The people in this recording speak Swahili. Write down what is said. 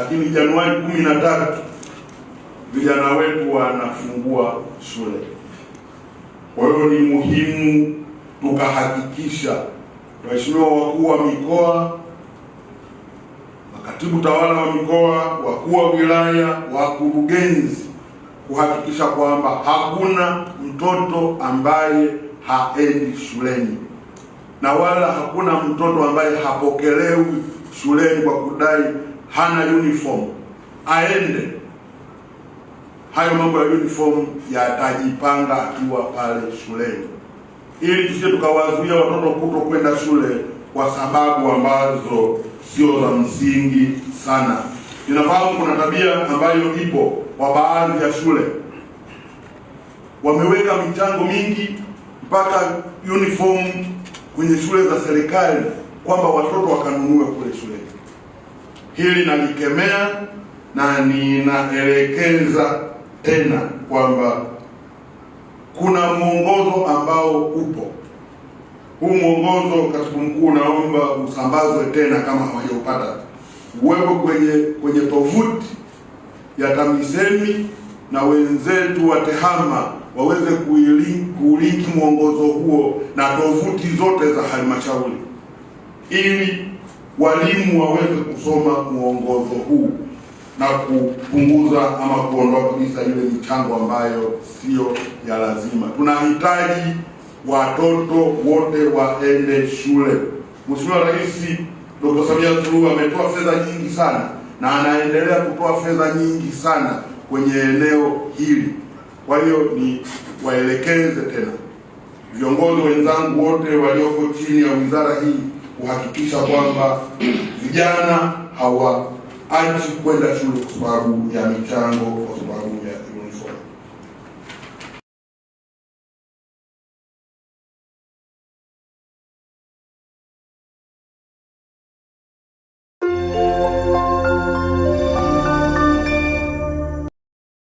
lakini Januari kumi na tatu vijana wetu wanafungua shule. Kwa hiyo ni muhimu tukahakikisha, waheshimiwa wakuu wa mikoa, makatibu tawala wa mikoa, wakuu wa wilaya, wakurugenzi, kuhakikisha kwamba hakuna mtoto ambaye haendi shuleni na wala hakuna mtoto ambaye hapokelewi shuleni kwa kudai hana uniform aende. Hayo mambo ya uniform yatajipanga akiwa pale shuleni, ili tusije tukawazuia watoto kuto kwenda shule kwa sababu ambazo sio za msingi sana. Ninafahamu kuna tabia ambayo ipo kwa baadhi ya shule, wameweka michango mingi mpaka uniform kwenye shule za serikali kwamba watoto wakanunue kule shuleni hili nalikemea na ninaelekeza tena kwamba kuna mwongozo ambao upo. Huu mwongozo, katibu mkuu, unaomba usambazwe tena kama hawajaupata, uwepo kwenye kwenye tovuti ya TAMISEMI na wenzetu wa TEHAMA waweze kuuliki mwongozo huo na tovuti zote za halmashauri ili walimu waweze kusoma mwongozo huu na kupunguza ama kuondoa kabisa ile michango ambayo sio ya lazima. Tunahitaji watoto wote waende shule. Mheshimiwa Rais Dr. Samia Suluhu ametoa fedha nyingi sana na anaendelea kutoa fedha nyingi sana kwenye eneo hili. Kwa hiyo ni waelekeze tena viongozi wenzangu wote walioko chini ya wizara hii kuhakikisha kwamba vijana hawaachi kwenda shule kwa sababu ya michango, kwa sababu ya uniform.